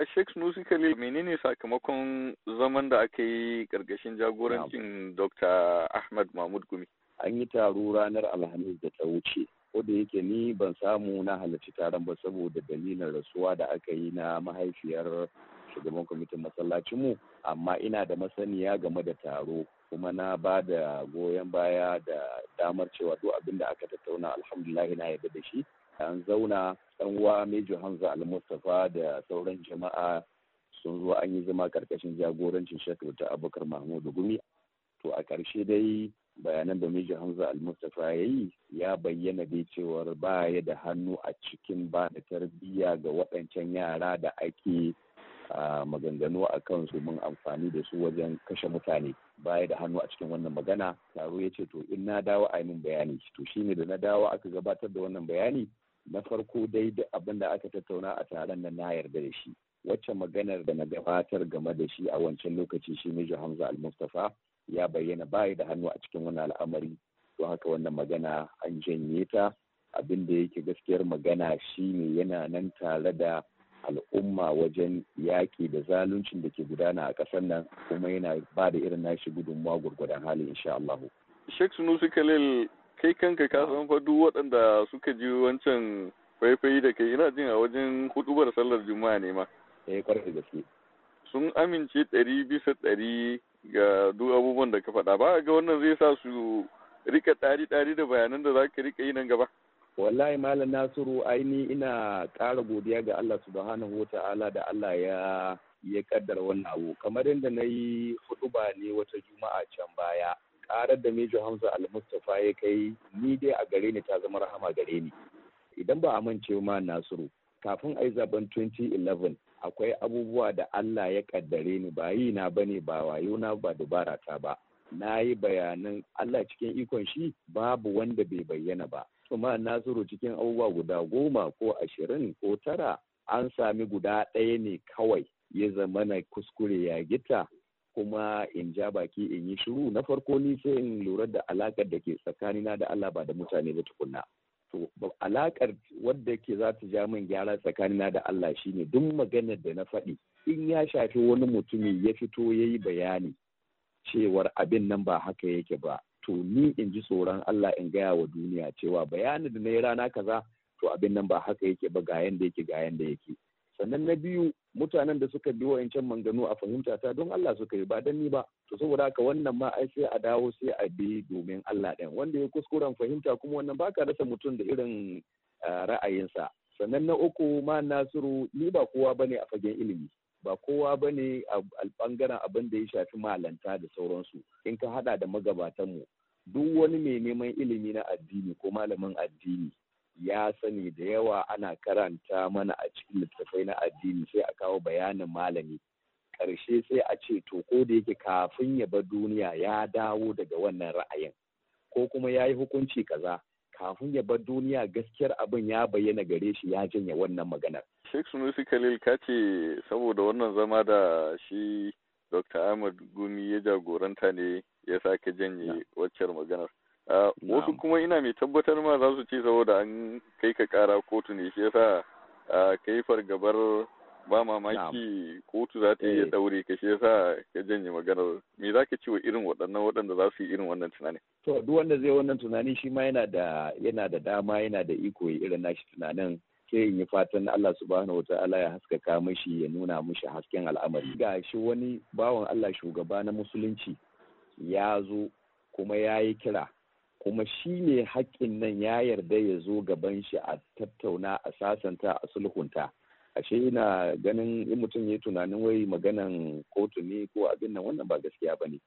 A Sheikh musically menene sakamakon zaman da aka yi ƙarƙashin jagorancin Dr. Ahmad Mahmud Gumi? An yi taro ranar Alhamis da ta wuce. da yake ni ban samu na halarci taron ba saboda dalilin rasuwa da aka yi na mahaifiyar shugaban kwamitin masallacinmu amma ina da masaniya game da taro kuma na ba da goyon baya da damar cewa duk abin da aka tattauna alhamdulahi na yarda da shi an zauna dan uwa Mejo Hamza Al-Mustafa da sauran jama'a sun zo an yi zama karkashin jagorancin Sheikh ta Abubakar mahmud Gumi to a ƙarshe dai bayanan da Mejo Hamza Al-Mustafa ya yi ya bayyana dai cewar ba ya da hannu a cikin ba da tarbiyya ga waɗancan yara da ake maganganu a kansu mun amfani da su wajen kashe mutane baya da hannu a cikin wannan magana taro ya ce to in na dawo a yi min bayani to shi ne da na dawo aka gabatar da wannan bayani na farko dai da abin da aka tattauna a taron nan na yarda da shi wacce maganar da na gabatar game da shi a wancan lokaci shi ne Hamza al-Mustafa ya bayyana bayi da hannu a cikin wani al'amari don haka wannan magana an janye ta abin da yake gaskiyar magana shi ne yana nan tare da al'umma wajen yaƙi da zaluncin da ke gudana a ƙasar nan kuma yana ba da irin nashi gudunmawa gurgudan hali insha Allah. Sheikh Sunusi Khalil kai kanka ka san fa duk waɗanda suka ji wancan faifai da kai ina jin a wajen hudubar sallar juma'a ne ma eh kwarai da sun amince ɗari bisa ɗari ga duk abubuwan da ka faɗa ba ga wannan zai sa su rika ɗari ɗari da bayanan da za ka rika yi nan gaba wallahi malam nasiru aini ina ƙara godiya ga allah subhanahu wa ta'ala da allah ya ya kaddara wannan abu kamar yadda na yi hudu ba ne wata juma'a can baya karar da Mejo Hamza Al-Mustapha ya kai ni dai a gare ni ta zama rahama gare ni. Idan ba a mance ma Nasiru kafin ai zaben 2011 akwai abubuwa da Allah ya kaddare ni ba yi na bane ba wayo na ba dubara ta ba. Na yi bayanan Allah cikin ikon shi babu wanda bai bayyana ba. Kuma Nasiru cikin abubuwa guda goma ko ashirin ko tara an sami guda ɗaya ne kawai ya zama na kuskure ya gita kuma in ja baki in yi shiru na farko ni sai in lura da alakar da ke tsakanina da Allah ba da mutane ba tukunna to alakar wadda ke za ta ja min gyara tsakanina da Allah shine duk maganar da na faɗi in ya shafi wani mutumi ya fito ya yi bayani cewar abin nan ba haka yake ba to ni in ji tsoron Allah in gaya wa duniya cewa bayanin da na yi rana kaza to abin nan ba haka yake ba ga yanda yake ga yanda yake sannan na biyu mutanen da suka bi wa'ancan manganu a fahimta ta don Allah suka yi ba dan ni ba to saboda haka wannan ma ai sai a dawo sai a bi domin Allah ɗin wanda ya kuskuren fahimta kuma wannan baka rasa mutum da irin ra'ayinsa sannan na uku ma nasiru ni ba kowa bane a fagen ilimi ba kowa ba ne a bangaren abin da ya shafi malanta da sauransu in ka hada da magabatanmu duk wani mai neman ilimi na addini ko malamin addini ya sani da yawa ana karanta mana a cikin littattafai na addini sai a kawo bayanin malami ƙarshe sai a ce to ko da yake kafin ya bar duniya ya dawo daga wannan ra'ayin ko kuma ya yi hukunci kaza kafin ya bar duniya gaskiyar abin ya bayyana gare shi ya janye wannan maganar. Sheikh Sunusi Khalil ka saboda wannan zama da shi Dr. Ahmad Gumi ya jagoranta ne ya sake janye waccar maganar. wasu kuma ina mai tabbatar ma za su ci saboda an kai ka kara kotu ne shi yasa kai fargabar ba mamaki kotu za ta iya daure eh. ka shi yasa ka janye maganar me za ka ci wa irin waɗannan waɗanda za su yi irin wannan tunanin to duk wanda zai wannan tunani shi ma yana da yana da dama yana da iko irin nashi tunanin ke yi fatan Allah subhanahu ta'ala ya haskaka mishi ya nuna mashi hasken al'amari ga shi wani bawan Allah shugaba na musulunci ya zo kuma ya yi kira kuma shi ne haƙƙin nan ya yarda ya zo gaban shi a tattauna a sasanta a sulhunta ashe ina ganin in mutum ya tunanin wai maganan kotu ne ko abin nan wannan ba gaskiya ba ne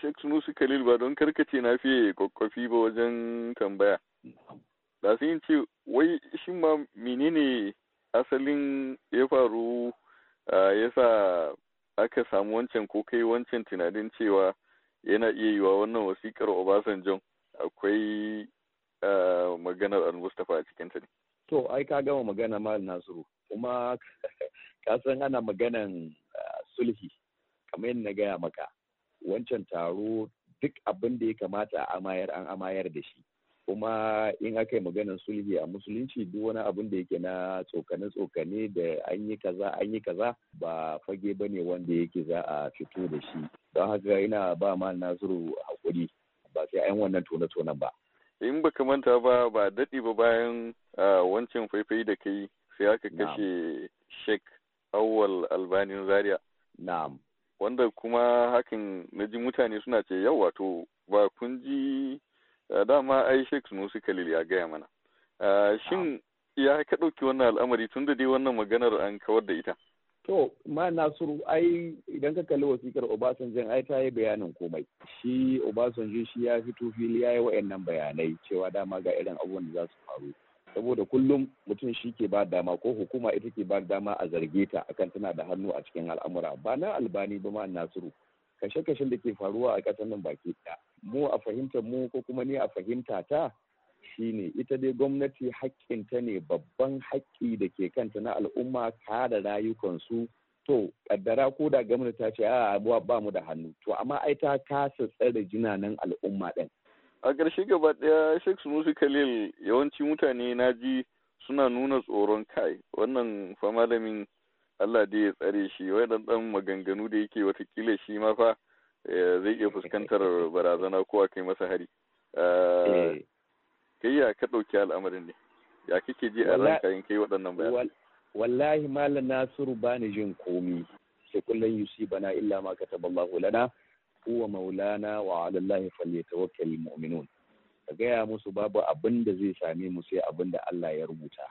Sheikh nusu kalil ba don karkace na fiye kwakwafi ba wajen tambaya. Da yin ce wai shi ma menene asalin ya faru ya sa aka samu wancan ko kai wancan tunanin cewa yana iya yiwa wannan wasikar Obasanjo akwai eh, maganar al Mustapha a cikinta ne to ai ka gama magana mal nasiru kuma ka san ana maganan eh, sulhi kamar yadda na gaya maka wancan taro duk abin da ya kamata a amayar an amayar da shi kuma in aka yi maganar sulhi a musulunci duk wani abin da yake na tsokane-tsokane da an yi kaza an yi kaza ba fage ba ne wanda yake za a fito da shi don haka ina ba ma nasiru hakuri ba sai an wannan tone-tonen ba. In ba ka manta ba ba daɗi ba bayan wancan faifai da kai sai aka kashe shek Awwal Albanin Zaria. Na'am. Wanda kuma hakan na ji mutane suna ce yau wato ba kun ji dama ai Sheikh Sunusi Khalil ya gaya mana. Shin ya ka ɗauki wannan al'amari tun da dai wannan maganar an kawar da ita. To, ma Nasiru, ai idan ka kalli wasikar Obasanjo ai ta yi bayanin komai. Shi Obasanjo shi ya fito fili ya yi wa'annan bayanai cewa dama ga irin abubuwan da za su faru. Saboda kullum mutum shi ke ba dama ko hukuma ita ke ba dama a zarge ta akan tana da hannu a cikin al'amura. Ba na albani ba ma Nasiru. Kashe-kashen da ke faruwa a ƙasar nan baki ɗaya. Mu a fahimtar mu ko kuma ni a fahimta ta shine ita dai gwamnati haƙƙinta ne babban haƙƙi da ke kanta na al'umma kare rayukansu to ƙaddara ko da gwamnati ta ce a ba mu da hannu to amma ai ta kasa tsare jinanan al'umma ɗin. a ƙarshe gaba ɗaya sheikh sunusi khalil yawanci mutane na ji suna nuna tsoron kai wannan fa malamin allah da ya tsare shi waɗannan maganganu da yake watakila shi ma fa eh, zai iya fuskantar barazana ko a kai masa hari. ka ɗauki al'amarin ne ya kike ji a ranka in kai waɗannan bayanai wallahi malam nasiru ba ni jin komi sai kullum bana illa ma kataballahu lana huwa maulana wa ala allahi mu'minun ka gaya musu babu abin da zai same mu sai abin da Allah ya rubuta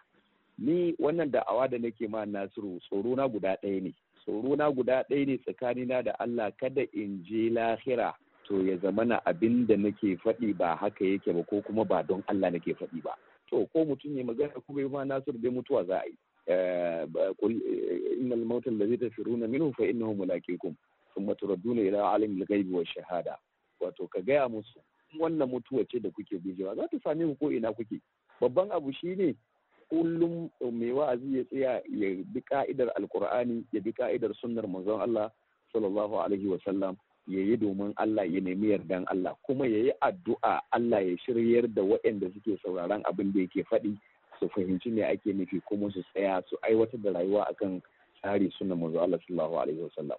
ni wannan da'awa da nake ma Nasiru tsoro na guda ɗaya ne tsoro na guda ɗaya ne tsakanina da Allah kada in je lahira to ya zamana abin da nake faɗi ba haka yake ba ko kuma ba don Allah nake faɗi ba to ko mutum ya magana kuma ya Nasiru dai mutuwa za a yi eh, qul innal mautal ladzi tafiruna minhu fa innahu mulaqikum thumma turadduna ila al ghaibi wa shahada wato ka gaya musu wannan mutuwa ce da kuke gujewa za ta same ku ko ina kuke babban abu shine kullum mai wa'azi ya tsaya ya bi ka'idar alkur'ani ya bi ka'idar sunnar manzon Allah sallallahu alaihi wa sallam ya yi domin Allah ya nemi yardan Allah kuma ya yi addu'a Allah ya shiryar da waɗanda suke sauraron abin da yake faɗi su fahimci me ake nufi kuma su tsaya su aiwatar da rayuwa akan tsari suna manzo Allah sallallahu alaihi wasallam